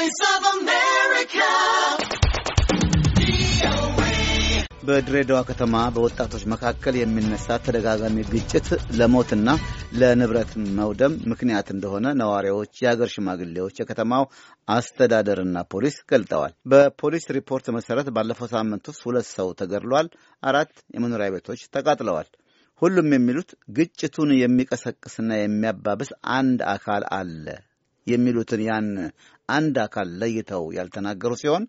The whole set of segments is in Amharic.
Voice of America. በድሬዳዋ ከተማ በወጣቶች መካከል የሚነሳ ተደጋጋሚ ግጭት ለሞትና ለንብረት መውደም ምክንያት እንደሆነ ነዋሪዎች፣ የአገር ሽማግሌዎች፣ የከተማው አስተዳደርና ፖሊስ ገልጠዋል። በፖሊስ ሪፖርት መሠረት ባለፈው ሳምንት ውስጥ ሁለት ሰው ተገድሏል፣ አራት የመኖሪያ ቤቶች ተቃጥለዋል። ሁሉም የሚሉት ግጭቱን የሚቀሰቅስና የሚያባብስ አንድ አካል አለ የሚሉትን ያን አንድ አካል ለይተው ያልተናገሩ ሲሆን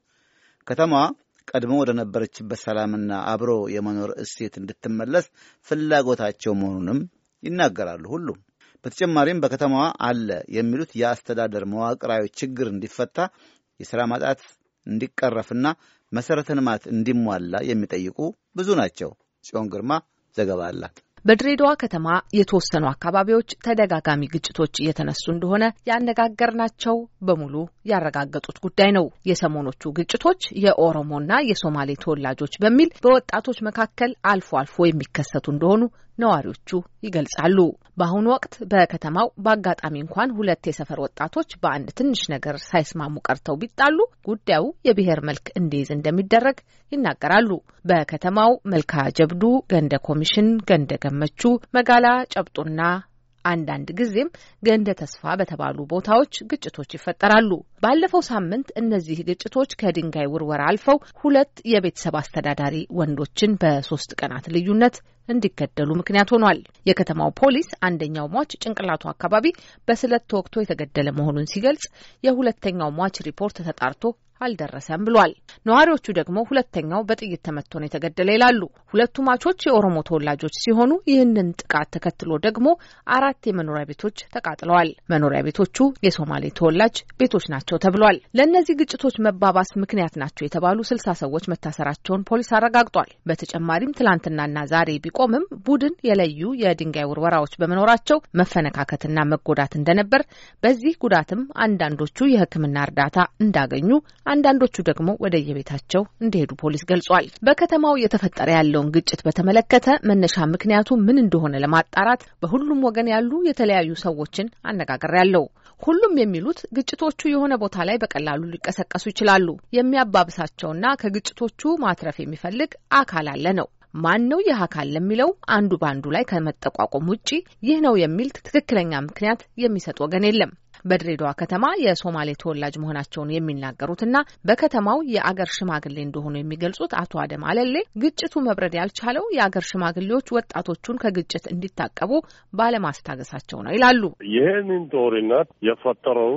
ከተማዋ ቀድሞ ወደ ነበረችበት ሰላምና አብሮ የመኖር እሴት እንድትመለስ ፍላጎታቸው መሆኑንም ይናገራሉ። ሁሉም በተጨማሪም በከተማዋ አለ የሚሉት የአስተዳደር መዋቅራዊ ችግር እንዲፈታ፣ የሥራ ማጣት እንዲቀረፍና መሠረተ ልማት እንዲሟላ የሚጠይቁ ብዙ ናቸው። ጽዮን ግርማ ዘገባ አላት። በድሬዳዋ ከተማ የተወሰኑ አካባቢዎች ተደጋጋሚ ግጭቶች እየተነሱ እንደሆነ ያነጋገርናቸው በሙሉ ያረጋገጡት ጉዳይ ነው። የሰሞኖቹ ግጭቶች የኦሮሞና የሶማሌ ተወላጆች በሚል በወጣቶች መካከል አልፎ አልፎ የሚከሰቱ እንደሆኑ ነዋሪዎቹ ይገልጻሉ። በአሁኑ ወቅት በከተማው በአጋጣሚ እንኳን ሁለት የሰፈር ወጣቶች በአንድ ትንሽ ነገር ሳይስማሙ ቀርተው ቢጣሉ ጉዳዩ የብሔር መልክ እንዲይዝ እንደሚደረግ ይናገራሉ። በከተማው መልካ ጀብዱ፣ ገንደ ኮሚሽን፣ ገንደ ገመቹ፣ መጋላ ጨብጡና አንዳንድ ጊዜም ገንደ ተስፋ በተባሉ ቦታዎች ግጭቶች ይፈጠራሉ። ባለፈው ሳምንት እነዚህ ግጭቶች ከድንጋይ ውርወራ አልፈው ሁለት የቤተሰብ አስተዳዳሪ ወንዶችን በሶስት ቀናት ልዩነት እንዲገደሉ ምክንያት ሆኗል። የከተማው ፖሊስ አንደኛው ሟች ጭንቅላቱ አካባቢ በስለት ተወግቶ የተገደለ መሆኑን ሲገልጽ የሁለተኛው ሟች ሪፖርት ተጣርቶ አልደረሰም ብሏል። ነዋሪዎቹ ደግሞ ሁለተኛው በጥይት ተመቶ ነው የተገደለ ይላሉ። ሁለቱ ሟቾች የኦሮሞ ተወላጆች ሲሆኑ ይህንን ጥቃት ተከትሎ ደግሞ አራት የመኖሪያ ቤቶች ተቃጥለዋል። መኖሪያ ቤቶቹ የሶማሌ ተወላጅ ቤቶች ናቸው ተብሏል። ለእነዚህ ግጭቶች መባባስ ምክንያት ናቸው የተባሉ ስልሳ ሰዎች መታሰራቸውን ፖሊስ አረጋግጧል። በተጨማሪም ትላንትናና ዛሬ ቢቆምም ቡድን የለዩ የድንጋይ ውርወራዎች በመኖራቸው መፈነካከትና መጎዳት እንደነበር፣ በዚህ ጉዳትም አንዳንዶቹ የሕክምና እርዳታ እንዳገኙ፣ አንዳንዶቹ ደግሞ ወደየቤታቸው እንደሄዱ ፖሊስ ገልጿል። በከተማው እየተፈጠረ ያለውን ግጭት በተመለከተ መነሻ ምክንያቱ ምን እንደሆነ ለማጣራት በሁሉም ወገን ያሉ የተለያዩ ሰዎችን አነጋገር ያለው። ሁሉም የሚሉት ግጭቶቹ የሆነ ቦታ ላይ በቀላሉ ሊቀሰቀሱ ይችላሉ። የሚያባብሳቸውና ከግጭቶቹ ማትረፍ የሚፈልግ አካል አለ ነው። ማን ነው ይህ አካል ለሚለው አንዱ በአንዱ ላይ ከመጠቋቆም ውጪ ይህ ነው የሚል ትክክለኛ ምክንያት የሚሰጥ ወገን የለም። በድሬዳዋ ከተማ የሶማሌ ተወላጅ መሆናቸውን የሚናገሩትና በከተማው የአገር ሽማግሌ እንደሆኑ የሚገልጹት አቶ አደም አለሌ ግጭቱ መብረድ ያልቻለው የአገር ሽማግሌዎች ወጣቶቹን ከግጭት እንዲታቀቡ ባለማስታገሳቸው ነው ይላሉ። ይህንን ጦርነት የፈጠረው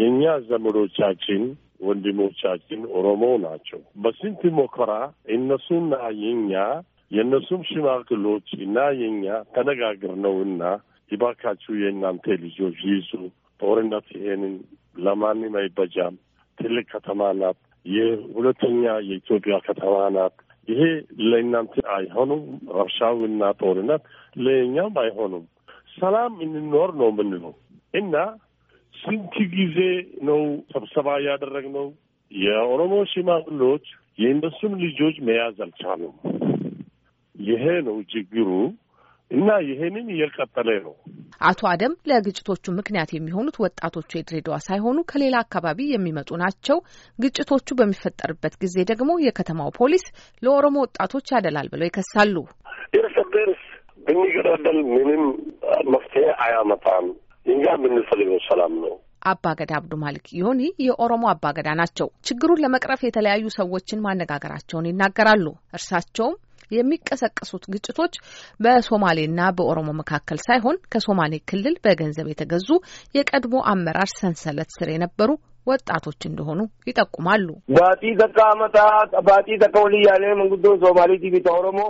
የእኛ ዘመዶቻችን ወንድሞቻችን ኦሮሞ ናቸው። በስንት ሞከራ እነሱና የኛ የእነሱም ሽማግሎች እና የኛ እና ይባካችሁ የእናንተ ልጆች ይዙ ጦርነት ይሄንን ለማንም አይበጃም። ትልቅ ከተማ ናት። የሁለተኛ የኢትዮጵያ ከተማ ናት። ይሄ ለእናንተ አይሆኑም። ረብሻውና ጦርነት ለእኛም አይሆኑም። ሰላም እንኖር ነው የምንለው እና ስንት ጊዜ ነው ስብሰባ ያደረግነው? የኦሮሞ ሽማግሎች የእነሱን ልጆች መያዝ አልቻሉም። ይሄ ነው ችግሩ እና ይሄንን እየቀጠለ ነው። አቶ አደም ለግጭቶቹ ምክንያት የሚሆኑት ወጣቶቹ የድሬዳዋ ሳይሆኑ ከሌላ አካባቢ የሚመጡ ናቸው። ግጭቶቹ በሚፈጠርበት ጊዜ ደግሞ የከተማው ፖሊስ ለኦሮሞ ወጣቶች ያደላል ብለው ይከሳሉ። እርስ በርስ ብንገዳደል ምንም መፍትሄ አያመጣም። እኛ የምንፈልገው ሰላም ነው። አባገዳ አብዱ ማሊክ ዮኒ የኦሮሞ አባገዳ ናቸው። ችግሩን ለመቅረፍ የተለያዩ ሰዎችን ማነጋገራቸውን ይናገራሉ። እርሳቸውም የሚቀሰቀሱት ግጭቶች በሶማሌና በኦሮሞ መካከል ሳይሆን ከሶማሌ ክልል በገንዘብ የተገዙ የቀድሞ አመራር ሰንሰለት ስር የነበሩ ወጣቶች እንደሆኑ ይጠቁማሉ። ባጢ ተቃ መጣ ባጢ ተቀውልያሌ መንግዶ ሶማሌ ቲቪ ኦሮሞ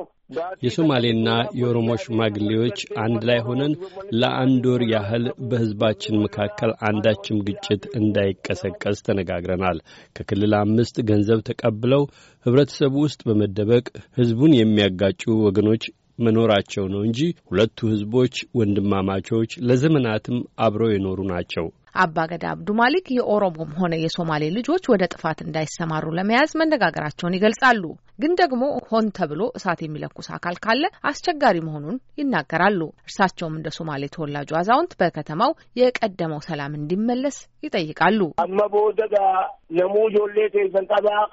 የሶማሌና የኦሮሞ ሽማግሌዎች አንድ ላይ ሆነን ለአንድ ወር ያህል በሕዝባችን መካከል አንዳችም ግጭት እንዳይቀሰቀስ ተነጋግረናል። ከክልል አምስት ገንዘብ ተቀብለው ኅብረተሰቡ ውስጥ በመደበቅ ሕዝቡን የሚያጋጩ ወገኖች መኖራቸው ነው እንጂ ሁለቱ ሕዝቦች ወንድማማቾች፣ ለዘመናትም አብረው የኖሩ ናቸው። አባገዳ አብዱ ማሊክ የኦሮሞም ሆነ የሶማሌ ልጆች ወደ ጥፋት እንዳይሰማሩ ለመያዝ መነጋገራቸውን ይገልጻሉ። ግን ደግሞ ሆን ተብሎ እሳት የሚለኩስ አካል ካለ አስቸጋሪ መሆኑን ይናገራሉ። እርሳቸውም እንደ ሶማሌ ተወላጁ አዛውንት በከተማው የቀደመው ሰላም እንዲመለስ ይጠይቃሉ። ነሙ ጆሌ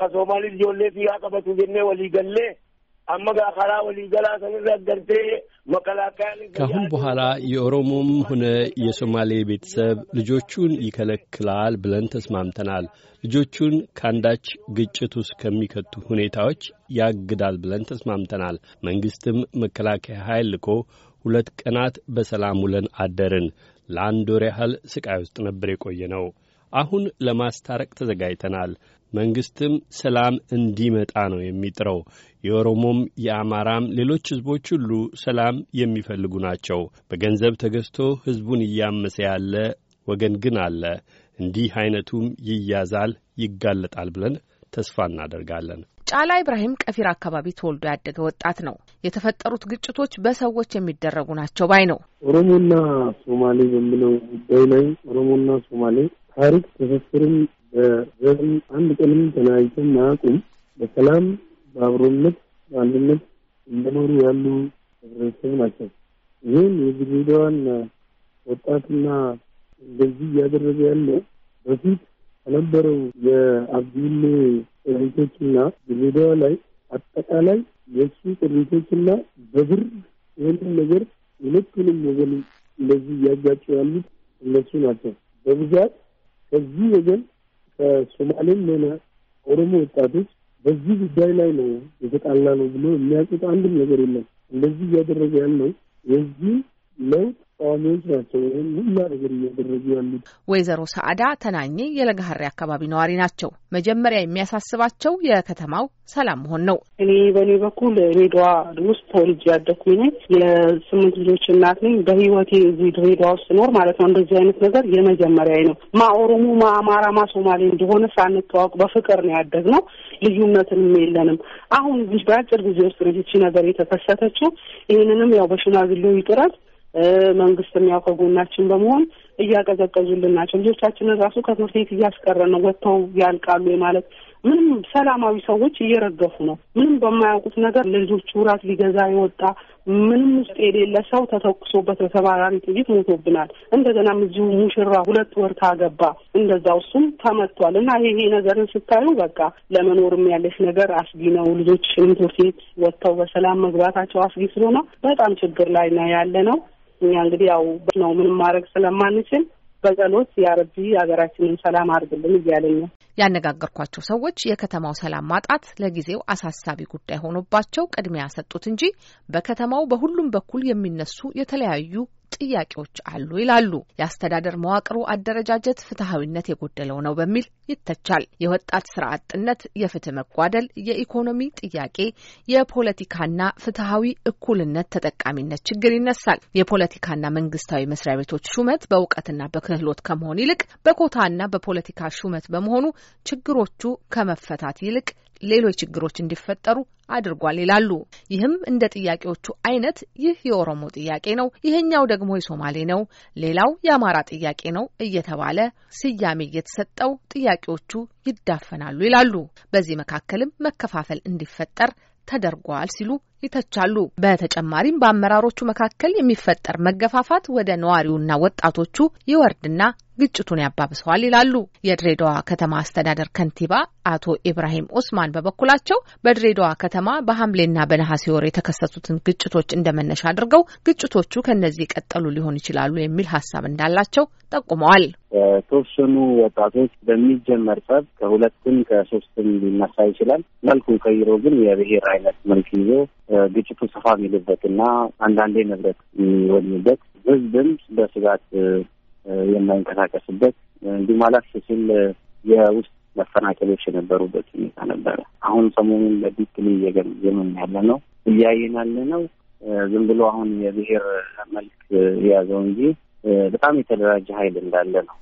ከሶማሌ ጆሌ ወሊገሌ ከአሁን በኋላ የኦሮሞም ሆነ የሶማሌ ቤተሰብ ልጆቹን ይከለክላል ብለን ተስማምተናል። ልጆቹን ከአንዳች ግጭት ውስጥ ከሚከቱ ሁኔታዎች ያግዳል ብለን ተስማምተናል። መንግሥትም መከላከያ ኃይል ልኮ ሁለት ቀናት በሰላም ውለን አደርን። ለአንድ ወር ያህል ስቃይ ውስጥ ነበር የቆየ ነው። አሁን ለማስታረቅ ተዘጋጅተናል። መንግስትም ሰላም እንዲመጣ ነው የሚጥረው። የኦሮሞም የአማራም ሌሎች ህዝቦች ሁሉ ሰላም የሚፈልጉ ናቸው። በገንዘብ ተገዝቶ ሕዝቡን እያመሰ ያለ ወገን ግን አለ። እንዲህ አይነቱም ይያዛል፣ ይጋለጣል ብለን ተስፋ እናደርጋለን። ጫላ ኢብራሂም ቀፊር አካባቢ ተወልዶ ያደገ ወጣት ነው። የተፈጠሩት ግጭቶች በሰዎች የሚደረጉ ናቸው ባይ ነው። ኦሮሞና ሶማሌ በሚለው ጉዳይ ላይ ኦሮሞና ሶማሌ ታሪክ ትስስርም ዘርም አንድ ቀንም ተለያይተን አያውቁም። በሰላም በአብሮነት በአንድነት እንደኖሩ ያሉ ህብረተሰብ ናቸው። ይህን የድሬዳዋን ወጣትና እንደዚህ እያደረገ ያለው በፊት ከነበረው የአብዲሌ ቅሪቶችና ድሬዳዋ ላይ አጠቃላይ የእሱ ቅሪቶችና በብር ይህንን ነገር ሁለቱንም ወገን እንደዚህ እያጋጩ ያሉት እነሱ ናቸው በብዛት ከዚህ ወገን ከሶማሌም ሆነ ኦሮሞ ወጣቶች በዚህ ጉዳይ ላይ ነው የተጣላ ነው ብሎ የሚያውቁት አንድም ነገር የለም። እንደዚህ እያደረገ ያለው የዚህ ለውጥ ቋሚዎች ናቸው ወይም ሁላ ነገር እያደረጉ ያሉት። ወይዘሮ ሰዓዳ ተናኜ የለጋሀሪ አካባቢ ነዋሪ ናቸው። መጀመሪያ የሚያሳስባቸው የከተማው ሰላም መሆን ነው። እኔ በእኔ በኩል ድሬዳዋ ውስጥ ተወልጄ ያደኩኝ ነኝ። የስምንት ልጆች እናት ነኝ። በህይወቴ እዚህ ድሬዳዋ ውስጥ ኖር ማለት ነው እንደዚህ አይነት ነገር የመጀመሪያ ነው። ማ ኦሮሞ፣ ማ አማራ፣ ማ ሶማሌ እንደሆነ ሳንተዋወቅ በፍቅር ነው ያደግ ነው። ልዩነትንም የለንም። አሁን እዚህ በአጭር ጊዜ ውስጥ ነች ነገር የተከሰተችው። ይህንንም ያው በሽማግሌው ይጥረት መንግስት ያው ጎናችን በመሆን እያቀዘቀዙልን ናቸው። ልጆቻችንን ራሱ ከትምህርት ቤት እያስቀረ ነው። ወጥተው ያልቃሉ ማለት ምንም ሰላማዊ ሰዎች እየረገፉ ነው። ምንም በማያውቁት ነገር ለልጆቹ ራት ሊገዛ የወጣ ምንም ውስጥ የሌለ ሰው ተተኩሶበት በተባራሪ ጥይት ሞቶብናል። እንደገና እዚሁ ሙሽራ ሁለት ወር ታገባ እንደዛው እሱም ተመቷል። እና ይሄ ነገርን ስታዩ በቃ ለመኖርም ያለች ነገር አስጊ ነው። ልጆች ትምህርት ቤት ወጥተው በሰላም መግባታቸው አስጊ ስለሆነ በጣም ችግር ላይ ነው ያለ ነው። እኛ እንግዲህ ያው ነው ምንም ማድረግ ስለማንችል በጸሎት የአረቢ ሀገራችንን ሰላም አድርግልን እያለኝ ነው። ያነጋገርኳቸው ሰዎች የከተማው ሰላም ማጣት ለጊዜው አሳሳቢ ጉዳይ ሆኖባቸው ቅድሚያ ሰጡት እንጂ በከተማው በሁሉም በኩል የሚነሱ የተለያዩ ጥያቄዎች አሉ ይላሉ። የአስተዳደር መዋቅሩ አደረጃጀት ፍትሐዊነት የጎደለው ነው በሚል ይተቻል። የወጣት ስራ አጥነት፣ የፍትህ መጓደል፣ የኢኮኖሚ ጥያቄ፣ የፖለቲካና ፍትሐዊ እኩልነት ተጠቃሚነት ችግር ይነሳል። የፖለቲካና መንግስታዊ መስሪያ ቤቶች ሹመት በእውቀትና በክህሎት ከመሆን ይልቅ በኮታና በፖለቲካ ሹመት በመሆኑ ችግሮቹ ከመፈታት ይልቅ ሌሎች ችግሮች እንዲፈጠሩ አድርጓል ይላሉ። ይህም እንደ ጥያቄዎቹ አይነት ይህ የኦሮሞ ጥያቄ ነው፣ ይሄኛው ደግሞ የሶማሌ ነው፣ ሌላው የአማራ ጥያቄ ነው እየተባለ ስያሜ እየተሰጠው ጥያቄዎቹ ይዳፈናሉ ይላሉ። በዚህ መካከልም መከፋፈል እንዲፈጠር ተደርጓል ሲሉ ይተቻሉ። በተጨማሪም በአመራሮቹ መካከል የሚፈጠር መገፋፋት ወደ ነዋሪውና ወጣቶቹ ይወርድና ግጭቱን ያባብሰዋል ይላሉ። የድሬዳዋ ከተማ አስተዳደር ከንቲባ አቶ ኢብራሂም ኡስማን በበኩላቸው በድሬዳዋ ከተማ በሐምሌና በነሐሴ ወር የተከሰቱትን ግጭቶች እንደመነሻ አድርገው ግጭቶቹ ከነዚህ ቀጠሉ ሊሆን ይችላሉ የሚል ሀሳብ እንዳላቸው ጠቁመዋል። የተወሰኑ ወጣቶች በሚጀመር ጸብ ከሁለትም ከሶስትም ሊነሳ ይችላል። መልኩን ቀይሮ ግን የብሔር አይነት መልክ ይዞ ግጭቱ ሰፋ እና አንዳንዴ ንብረት የሚወድምበት ህዝብም በስጋት የማይንቀሳቀስበት እንዲሁም አላፍ ሲል የውስጥ መፈናቀሎች የነበሩበት ሁኔታ ነበረ። አሁን ሰሞኑን በዲፕሊ እየገመገምን ያለ ነው እያየን ያለ ነው። ዝም ብሎ አሁን የብሔር መልክ የያዘው እንጂ በጣም የተደራጀ ኃይል እንዳለ ነው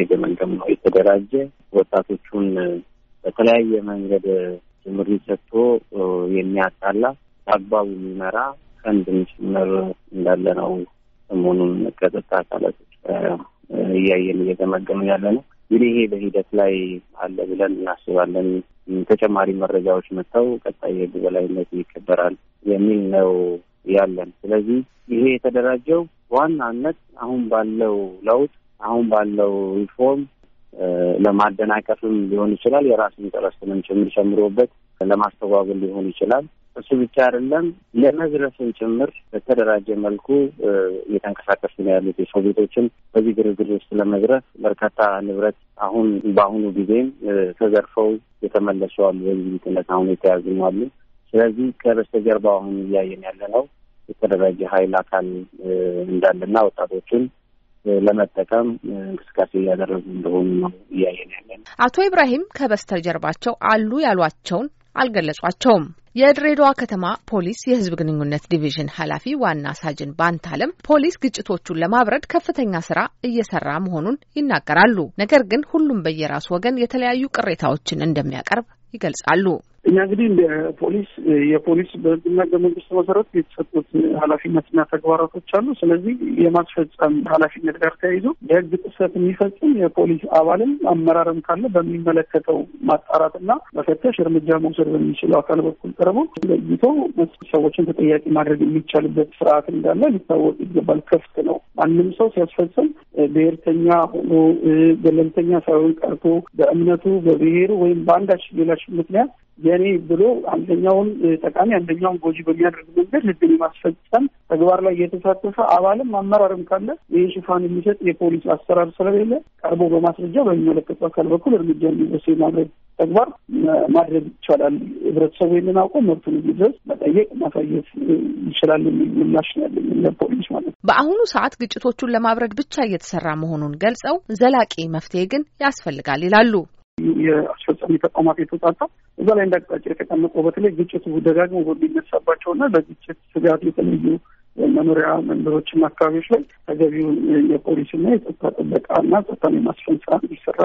የገመገም ነው። የተደራጀ ወጣቶቹን በተለያየ መንገድ ትምህርት ሰጥቶ የሚያጣላ አግባቡ የሚመራ ፈንድ ጭምር እንዳለ ነው። ሰሞኑን ከጸጥታ አካላት እያየን እየገመገምን ያለ ነው። እንግዲህ ይሄ በሂደት ላይ አለ ብለን እናስባለን። ተጨማሪ መረጃዎች መጥተው ቀጣይ የህግ በላይነት ይከበራል የሚል ነው ያለን። ስለዚህ ይሄ የተደራጀው ዋናነት አሁን ባለው ለውጥ አሁን ባለው ሪፎርም ለማደናቀፍም ሊሆን ይችላል፣ የራሱን ጥረትንም ጭምር ጨምሮበት ለማስተጓጎል ሊሆን ይችላል። እሱ ብቻ አይደለም ለመዝረፍን ጭምር በተደራጀ መልኩ እየተንቀሳቀሱ ነው ያሉት። የሰው ቤቶችን በዚህ ግርግር ውስጥ ለመዝረፍ በርካታ ንብረት አሁን በአሁኑ ጊዜም ተዘርፈው የተመለሱ አሉ። በዚህ ቤትነት አሁን የተያዙም አሉ። ስለዚህ ከበስተጀርባ አሁን እያየን ያለ ነው የተደራጀ ኃይል አካል እንዳለና ወጣቶችን ለመጠቀም እንቅስቃሴ እያደረጉ እንደሆኑ ነው እያየን ያለ ነው። አቶ ኢብራሂም ከበስተጀርባቸው አሉ ያሏቸውን አልገለጿቸውም። የድሬዳዋ ከተማ ፖሊስ የህዝብ ግንኙነት ዲቪዥን ኃላፊ ዋና ሳጅን ባንታለም ፖሊስ ግጭቶቹን ለማብረድ ከፍተኛ ስራ እየሰራ መሆኑን ይናገራሉ። ነገር ግን ሁሉም በየራሱ ወገን የተለያዩ ቅሬታዎችን እንደሚያቀርብ ይገልጻሉ። እኛ እንግዲህ እንደ ፖሊስ የፖሊስ በህግና ህገ መንግስት መሰረት የተሰጡት ኃላፊነትና ተግባራቶች አሉ። ስለዚህ የማስፈጸም ኃላፊነት ጋር ተያይዞ የህግ ጥሰት የሚፈጽም የፖሊስ አባልም አመራርም ካለ በሚመለከተው ማጣራትና መፈተሽ እርምጃ መውሰድ በሚችለው አካል በኩል ቀርቦ ለይቶ ሰዎችን ተጠያቂ ማድረግ የሚቻልበት ስርዓት እንዳለ ሊታወቅ ይገባል። ክፍት ነው። ማንም ሰው ሲያስፈጽም ብሔርተኛ ሆኖ ገለልተኛ ሳይሆን ቀርቶ በእምነቱ፣ በብሔሩ ወይም በአንዳች ሌላች ምክንያት የኔ ብሎ አንደኛውን ጠቃሚ አንደኛውን ጎጂ በሚያደርግ መንገድ ህግን የማስፈጸም ተግባር ላይ የተሳተፈ አባልም አመራርም ካለ ይህ ሽፋን የሚሰጥ የፖሊስ አሰራር ስለሌለ ቀርቦ በማስረጃ በሚመለከቱ አካል በኩል እርምጃ እንዲወሰድ ማድረግ ተግባር ማድረግ ይቻላል። ህብረተሰቡ የምናውቀ መብቱን እንዲድረስ መጠየቅ ማሳየት ይችላል የሚል ምላሽ ያለኝ ለፖሊስ ማለት ነው። በአሁኑ ሰዓት ግጭቶቹን ለማብረድ ብቻ እየተሰራ መሆኑን ገልጸው ዘላቂ መፍትሄ ግን ያስፈልጋል ይላሉ። የአስፈጻሚ ተቋማት የተውጣጣ እዛ ላይ እንዳቅጣጫ የተቀመጠው በተለይ ግጭቱ ደጋግሞ እና በግጭት ስጋት የተለዩ መኖሪያ መንደሮችና አካባቢዎች ላይ ተገቢውን የፖሊስና የጸጥታ ጥበቃና ጸጥታን የማስፈን ስራ እንዲሰራ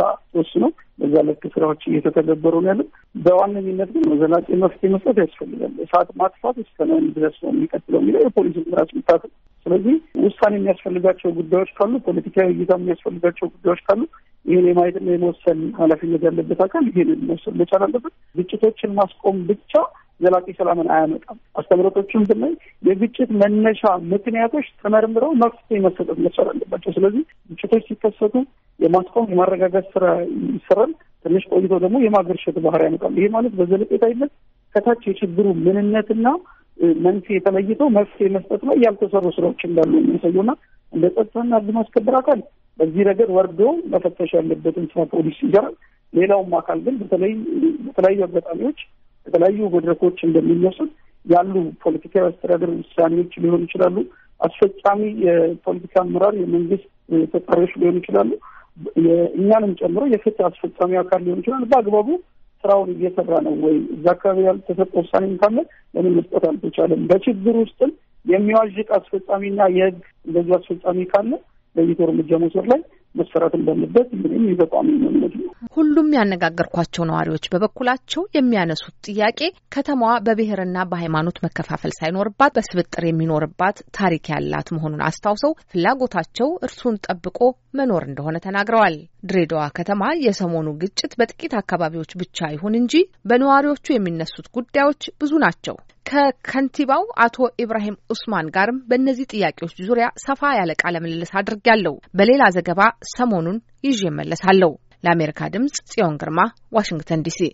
ነው። በዛ ልክ ስራዎች እየተተገበሩ ነው ያለ። በዋነኝነት ግን ዘላቂ መፍትሄ መስጠት ያስፈልጋል። እሳት ማጥፋት እስከምን ድረስ ነው የሚቀጥለው የሚለው የፖሊስ ራስ ምታት። ስለዚህ ውሳኔ የሚያስፈልጋቸው ጉዳዮች ካሉ፣ ፖለቲካዊ እይታ የሚያስፈልጋቸው ጉዳዮች ካሉ ይህን የማየትና የመወሰን ኃላፊነት ያለበት አካል ይህን መወሰን መቻል አለበት። ግጭቶችን ማስቆም ብቻ ዘላቂ ሰላምን አያመጣም። አስተምህሮቶችን ብናይ የግጭት መነሻ ምክንያቶች ተመርምረው መፍትሄ መሰጠት መቻል አለባቸው። ስለዚህ ግጭቶች ሲከሰቱ የማስቆም የማረጋጋት ስራ ይሰራል። ትንሽ ቆይቶ ደግሞ የማገርሸት ባህር ያመጣል። ይሄ ማለት በዘለቄታዊነት ከታች የችግሩ ምንነትና መንስኤ ተለይቶ መፍትሄ መስጠት ላይ ያልተሰሩ ስራዎች እንዳሉ የሚያሳዩና እንደ ጸጥታና ሕግ ማስከበር አካል በዚህ ረገድ ወርዶ መፈተሽ ያለበትን ስራ ፖሊስ ይሰራል። ሌላውም አካል ግን በተለይ በተለያዩ አጋጣሚዎች በተለያዩ መድረኮች እንደሚነሱት ያሉ ፖለቲካዊ አስተዳደር ውሳኔዎች ሊሆኑ ይችላሉ። አስፈጻሚ የፖለቲካ አመራር፣ የመንግስት ተጠሪዎች ሊሆኑ ይችላሉ። እኛንም ጨምሮ የፍትህ አስፈጻሚ አካል ሊሆን ይችላል። በአግባቡ ስራውን እየሰራ ነው ወይ? እዛ አካባቢ ያልተሰጠ ውሳኔም ካለ ለምን መስጠት አልተቻለም? በችግር ውስጥም የሚዋዥቅ አስፈጻሚና የህግ እንደዚህ አስፈጻሚ ካለ ለይቶ እርምጃ መውሰድ ላይ መሰራት እንዳለበት ምንም ይበቋሚ መመድ ነው። ሁሉም ያነጋገርኳቸው ነዋሪዎች በበኩላቸው የሚያነሱት ጥያቄ ከተማዋ በብሔርና በሃይማኖት መከፋፈል ሳይኖርባት በስብጥር የሚኖርባት ታሪክ ያላት መሆኑን አስታውሰው ፍላጎታቸው እርሱን ጠብቆ መኖር እንደሆነ ተናግረዋል። ድሬዳዋ ከተማ የሰሞኑ ግጭት በጥቂት አካባቢዎች ብቻ ይሁን እንጂ በነዋሪዎቹ የሚነሱት ጉዳዮች ብዙ ናቸው። ከከንቲባው አቶ ኢብራሂም ኡስማን ጋርም በእነዚህ ጥያቄዎች ዙሪያ ሰፋ ያለ ቃለ ምልልስ አድርጌያለሁ። በሌላ ዘገባ ሰሞኑን ይዤ እመለሳለሁ። ለአሜሪካ ድምጽ ጽዮን ግርማ ዋሽንግተን ዲሲ